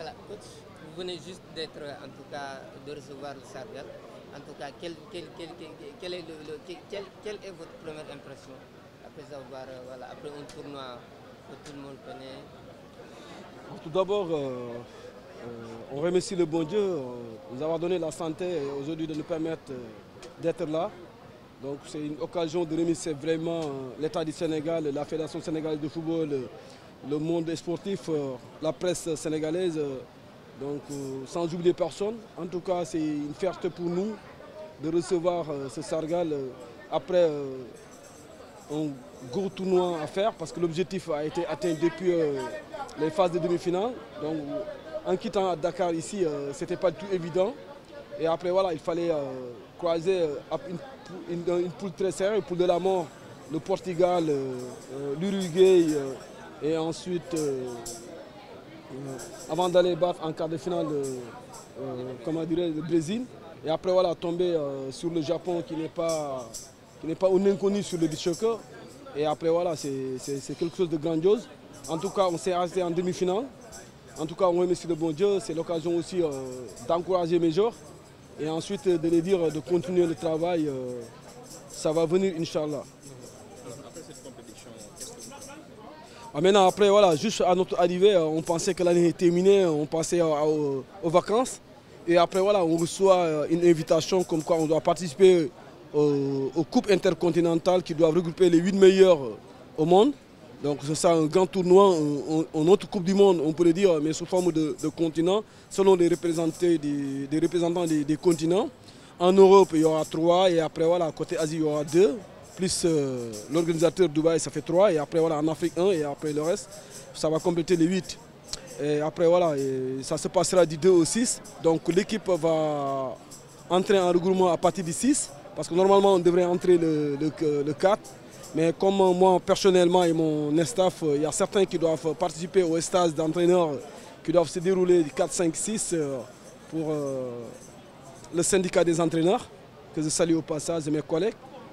Voilà, coach, vous venez juste d'être, en tout cas, de recevoir le Sargal. En tout cas, quel, quel, quel, quelle est votre première impression après euh, un tournoi que tout d'abord, euh, euh, on remercie le bon Dieu nous avoir donné la santé et aujourd'hui de nous permettre d'être là. Donc c'est une occasion de vraiment l'État du Sénégal, la Fédération sénégalaise de football, le monde sportif, euh, la presse sénégalaise, euh, donc euh, sans oublier personne. En tout cas, c'est une fierté pour nous de recevoir euh, ce Sargal euh, après euh, un gros tournoi à faire parce que l'objectif a été atteint depuis les phases de demi-finale. Donc en quittant à Dakar ici, ce n'était pas du tout évident. Et après, voilà, il fallait croiser une, une, une, poule très serrée, poule de la mort, le Portugal, l'Uruguay. Et ensuite, euh, euh, avant d'aller battre en quart de finale, euh, euh comment dirais le Brésil. Et après, voilà, tomber euh, sur le Japon qui n'est pas, qui pas un inconnu sur le beach Et après, voilà, c'est quelque chose de grandiose. En tout cas, on s'est arrêté en demi-finale. En tout cas, on remercie le bon Dieu. C'est l'occasion aussi euh, d'encourager mes joueurs. Et ensuite, de les dire de continuer le travail. ça va venir, Inch'Allah. Ah, maintenant, après, voilà, juste à notre arrivée, euh, on pensait que l'année était terminée, on pensait aux, euh, aux, vacances. Et après, voilà, on reçoit euh, une invitation comme quoi on doit participer aux, aux coupes intercontinentales qui doivent regrouper les 8 meilleurs au monde. Donc c'est ça un grand tournoi, une autre Coupe du Monde, on pourrait dire, mais sous forme de, de continent, selon les représentants, des, des représentants des, des, continents. En Europe, il y aura trois et après, voilà, côté Asie, il y aura deux. plus euh, l'organisateur Dubaï, ça fait 3, et après voilà, en Afrique 1, et après le reste, ça va compléter les 8. Et après voilà, et ça se passera du 2 donc l'équipe va entrer en regroupement à partir du parce que normalement on devrait entrer le, le, le 4, mais comme euh, moi personnellement et mon staff, euh, il y a certains qui doivent participer au stage d'entraîneurs qui doivent se dérouler du 4, 5, 6 pour euh, le syndicat des entraîneurs, que je salue au passage de mes collègues.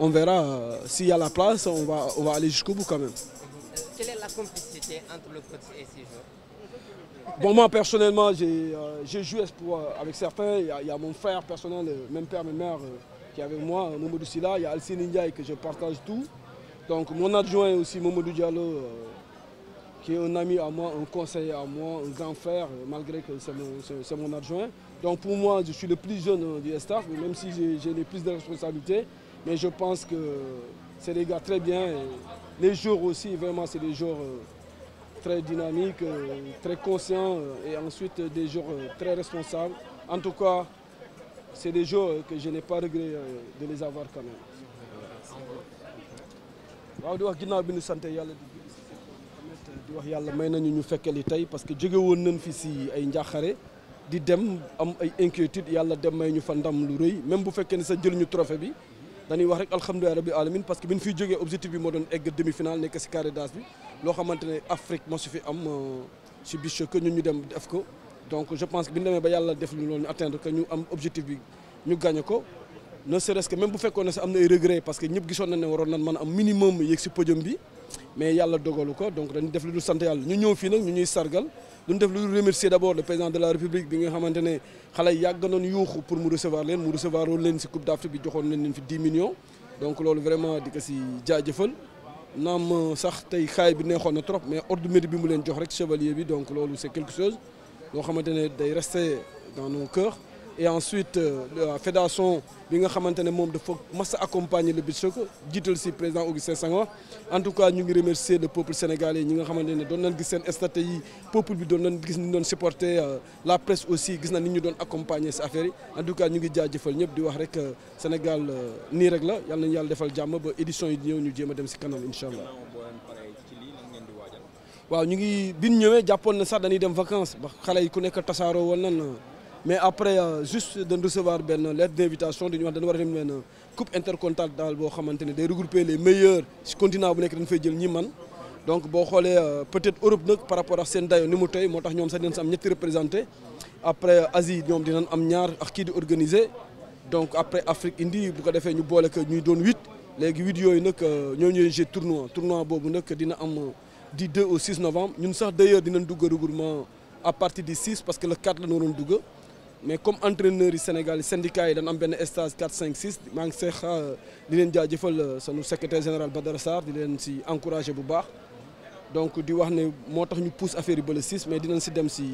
on verra euh, s'il y a la place, on va, on va aller jusqu'au bout quand même. Quelle est la complicité entre le coach et ces joueurs Bon, moi personnellement, j'ai euh, joué espoir euh, avec certains. Il y, a, il y, a, mon frère personnel, euh, même père, même mère, euh, qui est avec moi, Momodou Silla. Il y a Alcine Ndiaye que je partage tout. Donc mon adjoint aussi, Momodou Diallo, euh, qui est un ami à moi, un conseiller à moi, un grand frère, malgré que c'est mon, mon adjoint. Donc pour moi, je suis le plus jeune du staff, même si j'ai les plus de responsabilités. Mais je pense que c'est des gars très bien. Et les jour aussi, vraiment, c'est des jour euh, très dynamiques, euh, très conscients euh, et ensuite des jours très responsables. En tout cas, c'est des jours que je n'ai pas regret de les avoir quand même. waaw di wax ginnaaw bi ñu sant yàlla di di wax yàlla may nañu ñu fekkali tey parce que jóge woon nañ fi si ay njaaxare di dem am ay inquiétude yàlla dem may ñu fa ndam lu rëy même bu fekkee ne sa jël ñu trophée bi dañuy wax rek alhamdulilah rabbi alamin parce que bi ñu fiy jógee objectif bi moo doon egg demi finale nekk si carré d'as bi loo xamante ne Afrique moo su fi am si biche que ñu dem def ko donc je pense que bi ñu demee ba yàlla def lu loolu ñu atteindre que ñu am objectif bi ñu gagné ko ne serait-ce que même bu fekkoon ne sa am na ay regret parce que ñëpp gisoon nañ ne waroon nañ mën a bi mais yàlla dogalu ko donc dañu def lu dul sant yàlla ñu ñëw fii nag ñu ñuy sargal duñ def lu dul remercier d' abord le président de la république bi nga xamante ne xale yàgg nañu yuuxu pour mu recevoir leen mu recevoir woon leen si coupe d' afrique bi joxoon nañ leen fi 10 millions donc loolu vraiment di ko si jaajëfal naam sax tey xaay bi neexoon na trop mais ordre mérite bi mu leen jox rek chevalier bi donc loolu c' est quelque chose loo xamante ne day rester dans nos cœurs et ensuite euh, la fédération bi nga xamante ne moom dafa mas a accompagner le beach soccer jiital si président Augustin Senghor en tout cas ñu ngi remercier le peuple sénégalais ñi nga xamante ne doon nañ gis seen statut yi peuple bi doon nañ gis ni doon supporter euh, la presse aussi gis na ni ñu doon accompagner si affaire yi en tout cas ñu ngi jaajëfal ñëpp di wax rek euh, Sénégal nii rek la yàlla nañu yàlla defal jàmm ba édition yi ñëw ñu jéema dem si kanam incha allah. waaw ñu ngi bi ñu ñëwee jàppoon na sax dañuy dem vacances ba xale yi ku nekk tasaaroo woon nañ. mais après euh, juste dañ recevoir benn lettre d'invitation dañu wax dañu war a dem benn coupe intercontinentale boo xamante ne day regrouper les meilleurs si continent bu nekk dañ fay jël ñi man donc boo xoolee euh, peut-être Europe nag par rapport ak seen dayo ni mu tey moo tax ñoom sax dinañ si am ñetti représenté après Asie ñoom dinañ am ñaar ak kii di organiser donc après Afrique indi bu ko defee ñu boole que ñuy doon huit léegi huit yooyu nag euh, ñoo ñooy jeu boobu nag dina am du 2 au 6 novembre ñun sax d'ailleurs dugg regroupement à partir du que le 4 la ñu waroon mais comme entraîneurs yi Sénégal syndicats yi dañ am benn stage 4 5 6 maa ngi seex euh, di leen jaajëfal euh, sunu secrétaire général Badara Sarr di leen si encouragé bu baax donc di wax ne moo tax ñu pousse affaire yi ba le 6 mais dinañ si dem si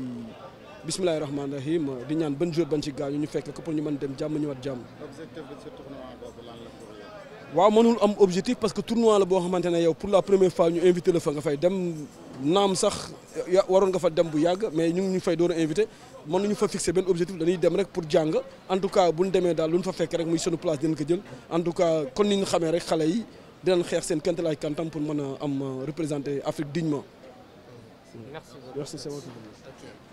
bismillahi rahmaani rahim di ñaan ban jour ban ci gaañu ñu fekk ko pour ñu mën dem jàmm ñëwaat jàmm. objectif bi ci tournoi boobu lan la pour yow. waaw mënul am objectif parce que tournoi la boo xamante ne yow pour la première fois ñu invité la fa nga fay dem. naam sax waroon nga fa dem bu yàgg mais ñu ngi ñu fay door a invité mënuñu fa fixer benn objectif dañuy dem rek pour jàng en tout cas bu ñu demee daal lu ñu fa fekk rek muy sunu place dinañ ko jël en tout cas kon ni ñu xamee rek xale yi dinañ xeex seen kantalaay kantam pour mën a am euh, représenter Afrique dignement merci merci